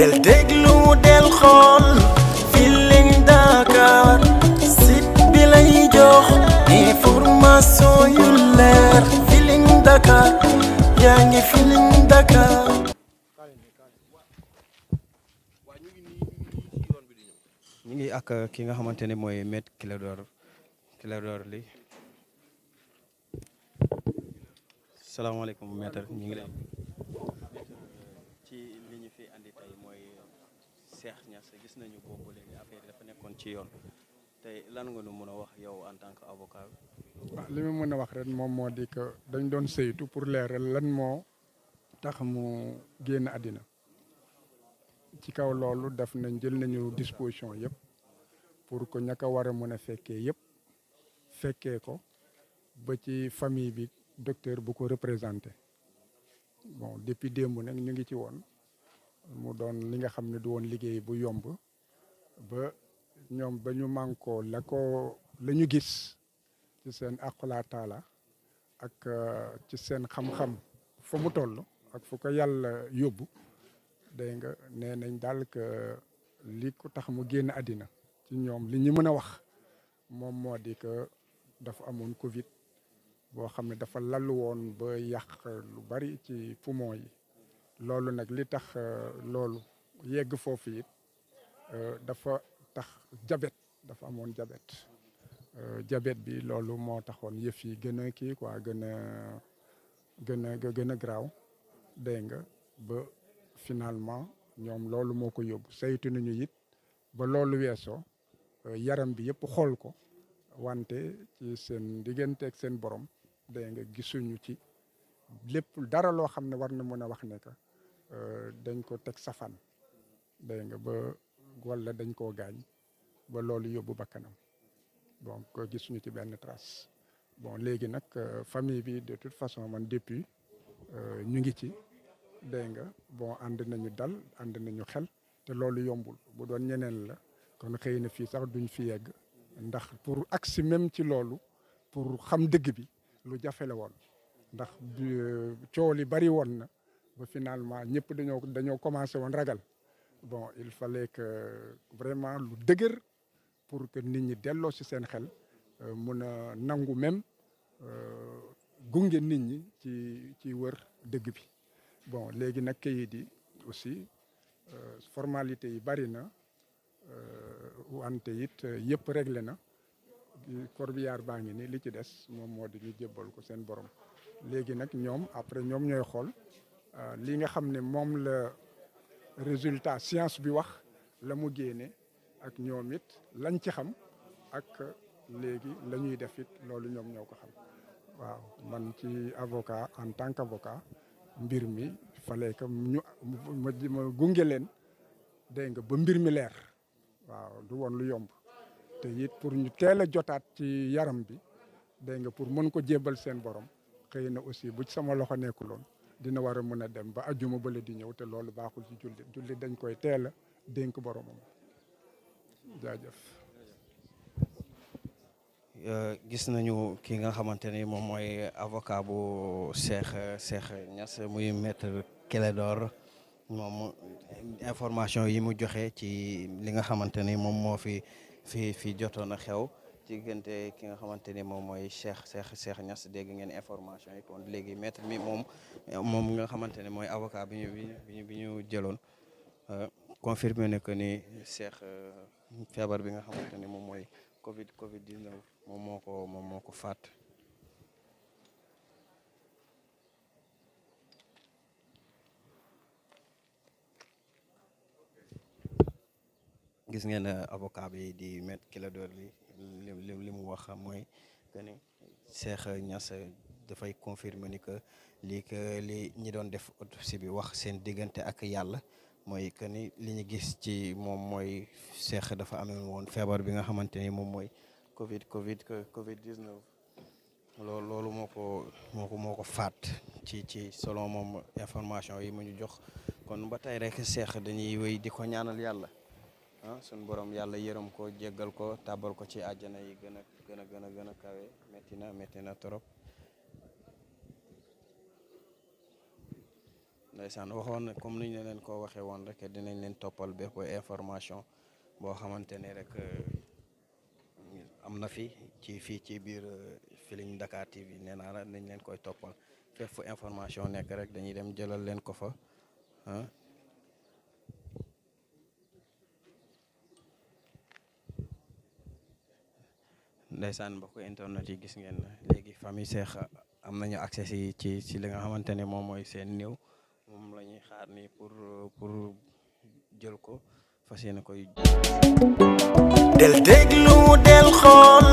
del déglu del xool Feeling Dakar site bi jox information yu leer Feeling Dakar yaa ngi Feeling Dakar. ñu ngi ak uh, ki nga xamante ne mooy maître Clédor Clédor li salaamaaleykum maître ñu ngi lay. fi andi mooy Cheikh Niass gis nañu boobu léegi affaire dafa nekkoon ci yoon tey lan nga mën a wax yow en tant que avocat. waaw li mu mën a wax ren moom moo di que dañ doon saytu pour leeral lan moo tax mu génn àddina ci kaw loolu def nañ jël nañu disposition yëpp pour que ña ko war a mën a fekkee yëpp fekkee ko ba ci famille bi docteur bu ko représenté bon depuis démb nag ñu ngi ci woon. mu doon li nga xam ne du woon liggéey bu yomb ba ñoom ba ñu mànkoo la ko la ñu gis ci seen àqulaa taala ak euh, ci seen xam-xam fa mu toll ak fu ko yàlla yóbbu day nga nee nañ daal que li ko tax mu génn àddina ci ñoom li ñu mën a wax moom moo di que dafa amoon Covid boo xam ne dafa lalu woon ba yàq lu bari ci poumon yi loolu nag li tax euh, loolu yegg foofu it euh, dafa tax jabet dafa amoon jabet euh, jabet bi loolu moo taxoon yëf yi gën a kii quoi gën a gën a gën a garaaw dégg nga ba finalement ñoom loolu moo ko yóbbu saytu nañu yit ba loolu weesoo yaram bi yëpp xool ko wante ci seen diggante ak seen borom dégg nga gisuñu ci lépp dara loo xam ne war na mën a wax ne Euh, dañ ko teg safaan dégg nga ba walla dañ koo gaañ ba loolu yóbbu bakkanam donc gisuñu ci benn trace bon léegi nag euh, famille bi de toute façon man depuis euh, ñu ngi ci dégg nga bon ànd nañu dal ànd nañu xel te loolu yombul bu doon ñeneen la kon xëy na fii sax duñ fi yegg ndax pour agsi même ci loolu pour xam dëgg bi lu jafe la woon ndax coow li bari woon na ba finalement ñëpp dañoo dañoo commencé woon ragal bon il fallait que vraiment lu dëgër pour que nit ñi delloo si seen xel euh, mun a nangu même euh, gunge nit ñi ci ci wër dëgg bi bon léegi nag kayit yi aussi euh, formalité yi bari na wante it yëpp réglé na corbillard baa ngi ni li ci des moom moo di ñu jébbal ko seen borom léegi nag ñoom après ñoom ñooy xool Euh, li nga xam ne moom la résultat science bi wax la mu génne ak ñoom it lañ ci xam ak léegi la ñuy def it loolu ñoom ñoo ko xam waaw man ci avocat en tant que qu'avocat mbir mi fallait que ñu ma gunge leen dégg nga ba mbir mi leer waaw du woon lu yomb te it pour ñu teel a jotaat ci yaram bi dégg nga pour mën ko jébbal seen borom xëy na aussi bu ci sama loxo nekkuloon dina war a mën a dem ba ajjuma bala di ñëw te loolu baaxul ci jullit jullit dañ koy teel a dénk boromam jaajëf. Euh, gis nañu ki nga xamante ni moom mooy avocat bu Cheikh Cheikh Niass muy maître Clédor moom information yi mu joxe ci li nga xamante ni moom moo fi fi fi jotoon a xew. diggante ki nga xamante ni moom mooy Cheikh Cheikh Cheikh Niass dégg ngeen information yi kon léegi maître mi moom moom nga xamante ne mooy avocat bi ñu bi ñu bi ñu jëloon euh, confirmé na que ni Cheikh euh, feebar bi nga xamante ni moom mooy Covid Covid 19 moom moo ko moom moo ko faat. gis ngeen euh, avocat bi di maître Clédor Ly li li mu wax mooy que ni Cheikh ñas dafay confirmer ni que lii que li ñi doon def autopsie bi wax seen diggante ak yàlla mooy que ni li ñu gis ci moom mooy Cheikh dafa amee woon feebar bi nga xamante ni moom mooy Covid Covid Covid 19. loolu loolu moo ko moo ko moo ko faat ci ci solon moom information yi mu ñu jox kon ba tey rek Cheikh dañuy wéy di ko ñaanal yàlla. ah suñu borom yàlla yërëm ko jéggal ko taabal ko ci àjjana yi gën a gën a gën a gën a kawe métti na métti na trop. ndeysaan waxoon na comme ni ñu leen ko waxee woon rek dinañ leen toppal bépp information boo xamante ne rek euh, am na fi ci fii ci biir euh, Feeling Dakar TV nee naa la nañ leen koy toppal fépp fu information nekk rek dañuy dem jëlal leen ko fa ah. ndeysaan mbokk internet yi gis ngeen léegi famille Cheikh am nañu accès si ci si li nga xamante ne moom mooy seen néew moom la xaar ni pour pour jël ko fas yéene koy del déglu del xool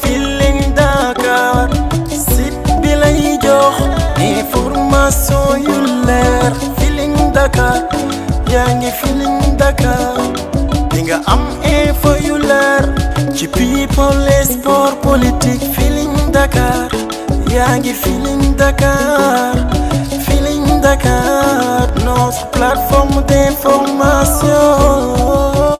Feeling Dakar site bi lay jox information yu leer Feeling Dakar yaa ngi Feeling Dakar di nga am info yu leer ci people les sport politique Feeling Dakar yaa ngi Feeling Dakar Feeling Dakar notre plateforme d'information